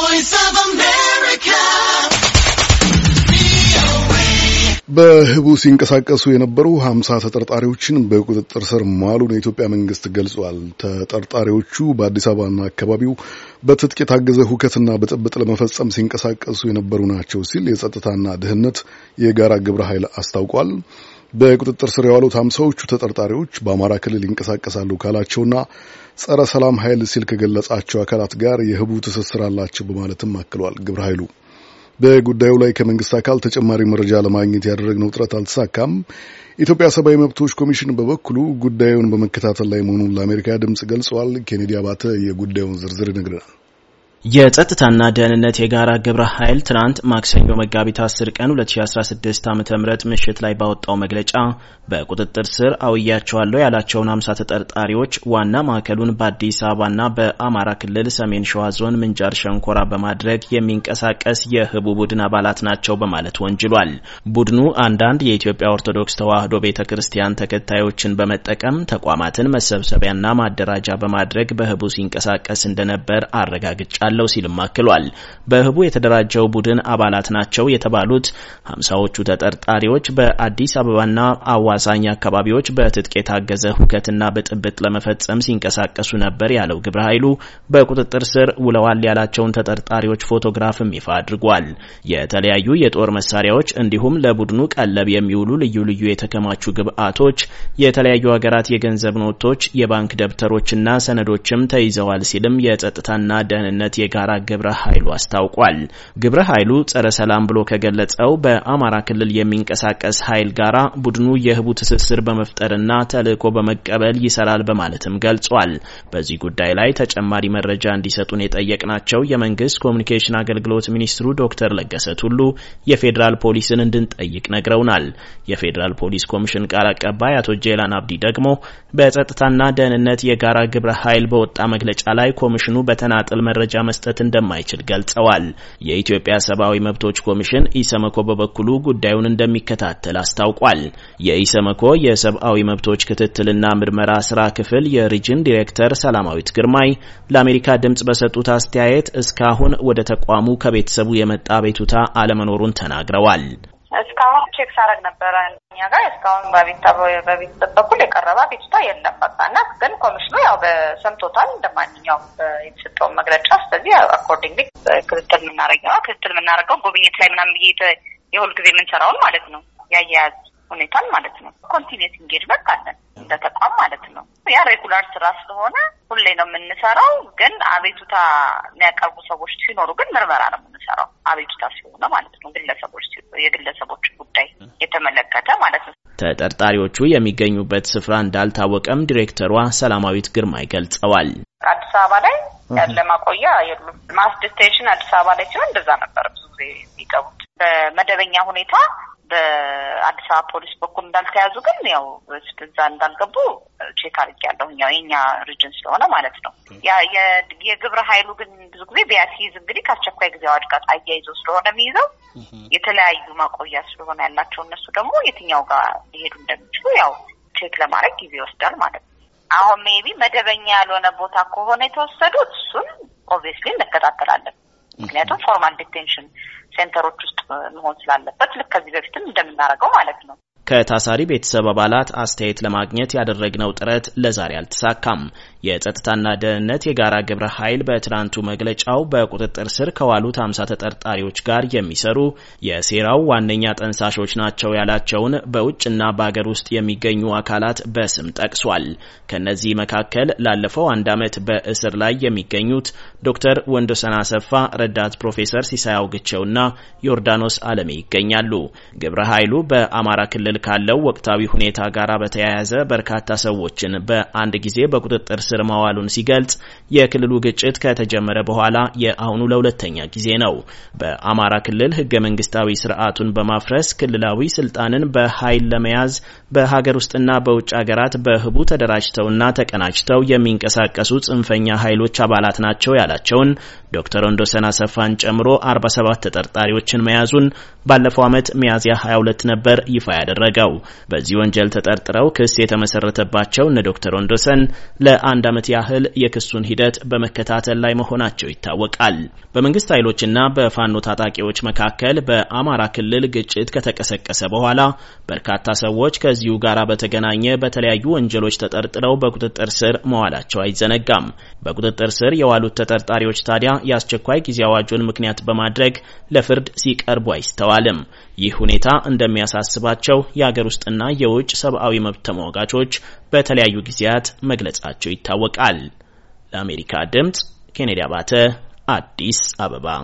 Voice of America. በህቡ ሲንቀሳቀሱ የነበሩ ሀምሳ ተጠርጣሪዎችን በቁጥጥር ስር መዋሉን የኢትዮጵያ መንግስት ገልጿል። ተጠርጣሪዎቹ በአዲስ አበባና አካባቢው በትጥቅ የታገዘ ሁከትና ብጥብጥ ለመፈጸም ሲንቀሳቀሱ የነበሩ ናቸው ሲል የጸጥታና ደህንነት የጋራ ግብረ ኃይል አስታውቋል። በቁጥጥር ስር የዋሉት ሀምሳዎቹ ተጠርጣሪዎች በአማራ ክልል ይንቀሳቀሳሉ ካላቸውና ጸረ ሰላም ኃይል ሲል ከገለጻቸው አካላት ጋር የህቡ ትስስር አላቸው በማለትም አክሏል ግብረ ኃይሉ። በጉዳዩ ላይ ከመንግስት አካል ተጨማሪ መረጃ ለማግኘት ያደረግነው ጥረት አልተሳካም። የኢትዮጵያ ሰብአዊ መብቶች ኮሚሽን በበኩሉ ጉዳዩን በመከታተል ላይ መሆኑን ለአሜሪካ ድምጽ ገልጿል። ኬኔዲ አባተ የጉዳዩን ዝርዝር ይነግረናል። የጸጥታና ደህንነት የጋራ ግብረ ኃይል ትናንት ማክሰኞ መጋቢት 10 ቀን 2016 ዓ ም ምሽት ላይ ባወጣው መግለጫ በቁጥጥር ስር አውያቸዋለሁ ያላቸውን 50 ተጠርጣሪዎች ዋና ማዕከሉን በአዲስ አበባና በአማራ ክልል ሰሜን ሸዋ ዞን ምንጃር ሸንኮራ በማድረግ የሚንቀሳቀስ የህቡ ቡድን አባላት ናቸው በማለት ወንጅሏል። ቡድኑ አንዳንድ የኢትዮጵያ ኦርቶዶክስ ተዋሕዶ ቤተ ክርስቲያን ተከታዮችን በመጠቀም ተቋማትን መሰብሰቢያና ማደራጃ በማድረግ በህቡ ሲንቀሳቀስ እንደነበር አረጋግጫል። እሰጣለሁ ሲልም አክሏል። በህቡ የተደራጀው ቡድን አባላት ናቸው የተባሉት ሀምሳዎቹ ተጠርጣሪዎች በአዲስ አበባና አዋሳኝ አካባቢዎች በትጥቅ የታገዘ ሁከትና ብጥብጥ ለመፈጸም ሲንቀሳቀሱ ነበር ያለው ግብረ ኃይሉ በቁጥጥር ስር ውለዋል ያላቸውን ተጠርጣሪዎች ፎቶግራፍም ይፋ አድርጓል። የተለያዩ የጦር መሳሪያዎች እንዲሁም ለቡድኑ ቀለብ የሚውሉ ልዩ ልዩ የተከማቹ ግብአቶች፣ የተለያዩ ሀገራት የገንዘብ ኖቶች፣ የባንክ ደብተሮችና ሰነዶችም ተይዘዋል ሲልም የጸጥታና ደህንነት የጋራ ግብረ ኃይሉ አስታውቋል። ግብረ ኃይሉ ጸረ ሰላም ብሎ ከገለጸው በአማራ ክልል የሚንቀሳቀስ ኃይል ጋራ ቡድኑ የህቡ ትስስር በመፍጠርና ተልእኮ በመቀበል ይሰራል በማለትም ገልጿል። በዚህ ጉዳይ ላይ ተጨማሪ መረጃ እንዲሰጡን የጠየቅናቸው የመንግስት ኮሚኒኬሽን አገልግሎት ሚኒስትሩ ዶክተር ለገሰ ቱሉ የፌዴራል ፖሊስን እንድንጠይቅ ነግረውናል። የፌዴራል ፖሊስ ኮሚሽን ቃል አቀባይ አቶ ጄላን አብዲ ደግሞ በጸጥታና ደህንነት የጋራ ግብረ ኃይል በወጣ መግለጫ ላይ ኮሚሽኑ በተናጥል መረጃ መስጠት እንደማይችል ገልጸዋል። የኢትዮጵያ ሰብአዊ መብቶች ኮሚሽን ኢሰመኮ በበኩሉ ጉዳዩን እንደሚከታተል አስታውቋል። የኢሰመኮ የሰብአዊ መብቶች ክትትልና ምርመራ ስራ ክፍል የሪጅን ዲሬክተር ሰላማዊት ግርማይ ለአሜሪካ ድምጽ በሰጡት አስተያየት እስካሁን ወደ ተቋሙ ከቤተሰቡ የመጣ ቤቱታ አለመኖሩን ተናግረዋል። እስካሁን ቼክ ሳረግ ነበረ እኛ ጋር እስካሁን በቤተሰብ በኩል የቀረበ አቤቱታ የለም። በቃ እና ግን ኮሚሽኑ ያው ሰምቶታል እንደማንኛውም የተሰጠውን መግለጫ። ስለዚህ አኮርዲንግ ክትትል የምናደርገው ክትትል የምናደርገው ጉብኝት ላይ ምናምን ብዬ የሁል ጊዜ የምንሰራውን ማለት ነው ያያያዝ ሁኔታን ማለት ነው ኮንቲኒስ ኢንጌጅመንት አለን እንደ ተቋም ማለት ነው። ያ ሬጉላር ስራ ስለሆነ ሁሌ ነው የምንሰራው። ግን አቤቱታ የሚያቀርቡ ሰዎች ሲኖሩ ግን ምርመራ ነው የምንሰራው አቤቱታ ሲሆነ ማለት ነው። ግለሰቦች የግለሰቦች ጉዳይ የተመለከተ ማለት ነው። ተጠርጣሪዎቹ የሚገኙበት ስፍራ እንዳልታወቀም ዲሬክተሯ ሰላማዊት ግርማይ ገልጸዋል። አዲስ አበባ ላይ ያለ ማቆያ የሉም። ማስ አዲስ አበባ ላይ ሲሆን እንደዛ ነበር ብዙ ጊዜ የሚገቡት በመደበኛ ሁኔታ በአዲስ አበባ ፖሊስ በኩል እንዳልተያዙ ግን ያው እዛ እንዳልገቡ ቼክ አድርጌያለሁ። ያው የኛ ሪጅን ስለሆነ ማለት ነው። የግብረ ኃይሉ ግን ብዙ ጊዜ ቢያስይዝ እንግዲህ ከአስቸኳይ ጊዜ አዋጅ ጋር አያይዞ ስለሆነ የሚይዘው የተለያዩ ማቆያ ስለሆነ ያላቸው እነሱ ደግሞ የትኛው ጋር ሊሄዱ እንደሚችሉ ያው ቼክ ለማድረግ ጊዜ ይወስዳል ማለት ነው። አሁን ሜቢ መደበኛ ያልሆነ ቦታ ከሆነ የተወሰዱት እሱን ኦብቪየስሊ እንከታተላለን። ምክንያቱም ፎርማል ዲቴንሽን ሴንተሮች ውስጥ መሆን ስላለበት ልክ ከዚህ በፊትም እንደምናደርገው ማለት ነው። ከታሳሪ ቤተሰብ አባላት አስተያየት ለማግኘት ያደረግነው ጥረት ለዛሬ አልተሳካም። የጸጥታና ደህንነት የጋራ ግብረ ኃይል በትናንቱ መግለጫው በቁጥጥር ስር ከዋሉት አምሳ ተጠርጣሪዎች ጋር የሚሰሩ የሴራው ዋነኛ ጠንሳሾች ናቸው ያላቸውን በውጭና በአገር ውስጥ የሚገኙ አካላት በስም ጠቅሷል። ከእነዚህ መካከል ላለፈው አንድ ዓመት በእስር ላይ የሚገኙት ዶክተር ወንዶሰን አሰፋ፣ ረዳት ፕሮፌሰር ሲሳያው ግቸውና ዮርዳኖስ አለሜ ይገኛሉ። ግብረ ኃይሉ በአማራ ክልል ክልል ካለው ወቅታዊ ሁኔታ ጋር በተያያዘ በርካታ ሰዎችን በአንድ ጊዜ በቁጥጥር ስር ማዋሉን ሲገልጽ የክልሉ ግጭት ከተጀመረ በኋላ የአሁኑ ለሁለተኛ ጊዜ ነው። በአማራ ክልል ህገ መንግስታዊ ስርዓቱን በማፍረስ ክልላዊ ስልጣንን በኃይል ለመያዝ በሀገር ውስጥና በውጭ ሀገራት በህቡ ተደራጅተውና ተቀናጅተው የሚንቀሳቀሱ ጽንፈኛ ኃይሎች አባላት ናቸው ያላቸውን ዶክተር ወንዶሰን አሰፋን ጨምሮ 47 ተጠርጣሪዎችን መያዙን ባለፈው ዓመት ሚያዝያ 22 ነበር ይፋ ያደረገው። በዚህ ወንጀል ተጠርጥረው ክስ የተመሰረተባቸው እነ ዶክተር ወንዶሰን ለአንድ ዓመት ያህል የክሱን ሂደት በመከታተል ላይ መሆናቸው ይታወቃል። በመንግስት ኃይሎችና በፋኖ ታጣቂዎች መካከል በአማራ ክልል ግጭት ከተቀሰቀሰ በኋላ በርካታ ሰዎች ከዚሁ ጋር በተገናኘ በተለያዩ ወንጀሎች ተጠርጥረው በቁጥጥር ስር መዋላቸው አይዘነጋም። በቁጥጥር ስር የዋሉት ተጠርጣሪዎች ታዲያ የአስቸኳይ ጊዜ አዋጁን ምክንያት በማድረግ ለፍርድ ሲቀርቡ አይስተዋልም። ይህ ሁኔታ እንደሚያሳስባቸው የአገር ውስጥና የውጭ ሰብአዊ መብት ተሟጋቾች በተለያዩ ጊዜያት መግለጻቸው ይታወቃል። ለአሜሪካ ድምጽ ኬኔዲ አባተ አዲስ አበባ